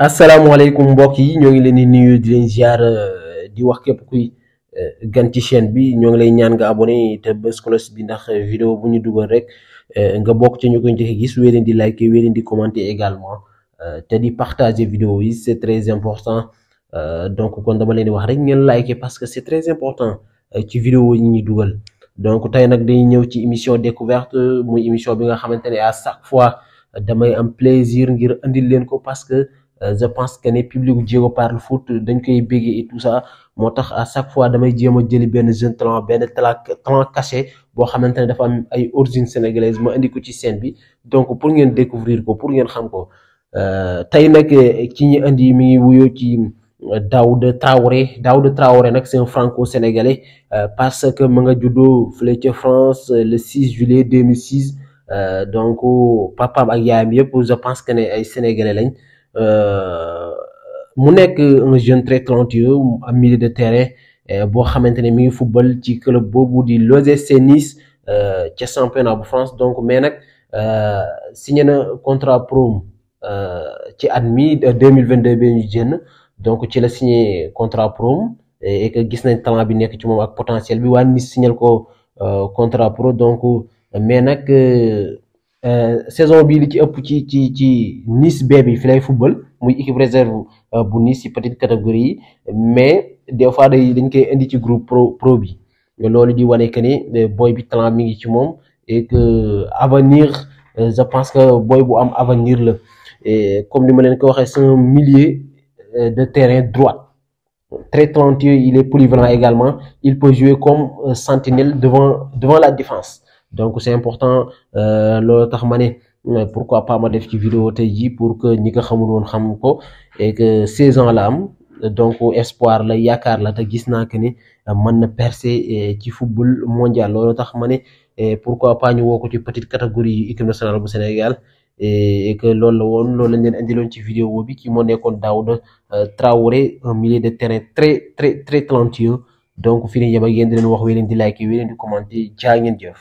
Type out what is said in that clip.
Assalamu mbokk yi ñoo ngi leen di nuyu di leen ziar di wax képp kuy eh, gan ci chaîne bi ñoo ngi lay ñaan nga abonné te bës cloche bi ndax vidéo bu ñu duggal rek eh, nga bok ci ñu ko gis wéy di liker wéy di commenter également eh, te di partager vidéo yi c'est très important donc kon dama leen di wax rek ngeen liker parce que c'est très important ci vidéo yi ñi duggal donc tay nak dañ ñëw ci émission découverte muy émission bi nga xamante à chaque fois damay un plaisir ngir andil leen ko parce que. Euh, je pense que ne public bu parle Foot dañ koy béggee et tout ça motax à chaque fois damay jéem a ben jeune talent ben talent caché bo xamantene dafa am ay origine sénégalaise mo indi ko ci scène bi donc pour ngeen découvrir ko pour ngeen xam ko euh, tay nak ci ñi andi mi ngi wuyoo ci euh, Daouda Traoré Daouda Traoré nak c'est un franco-sénégalais parce que ma nga juddo fële France le 6 juillet 2006 donc papa ak yaayam yépp je pense que né ay sénégalais lañ. Euh, mu nekk un jeune très talentueux am milieu de terrain Il euh, mi football ci club boobu di Nice euh, France donc mais signé contrat pro ci at mi 2022 donc ci la signé contrat pro et que talent bi potentiel bi Nice signal contrat pro donc mais euh, saison hommes li ci ëpp ci ci Nice B bi fi football muy équipe réserve euh, bu Nice petite catégorie mais des fois day dañ koy indi groupe pro pro bi loolu di wane que ni euh, boy bi talent mi ci et que avenir je pense que boy bu am avenir comme ni ma leen ko un milieu de terrain droit très talentueux il est polyvalent également il peut jouer comme sentinelle devant devant la défense donc c'est important euh, loolu tax mané euh, pourquoi pas ma def ci vidéo tey pour que ñi nga xamul won xam ko et que 16 ans la am donc espoir la yakar la te gis na que ni euh, man na percer ci football mondial loolu tax mané pourquoi pas ñu woko ci petite catégorie équipe nationale du Sénégal et que loolu la woon loolu lañ leen indiloon ci vidéo bi ki mo nekkoon Daouda Traoré un milieu de terrain très très très talentueux donc fini nii yéen di ngi wax wéy leen di liker wéy leen di commenter jaa ngeen jëf.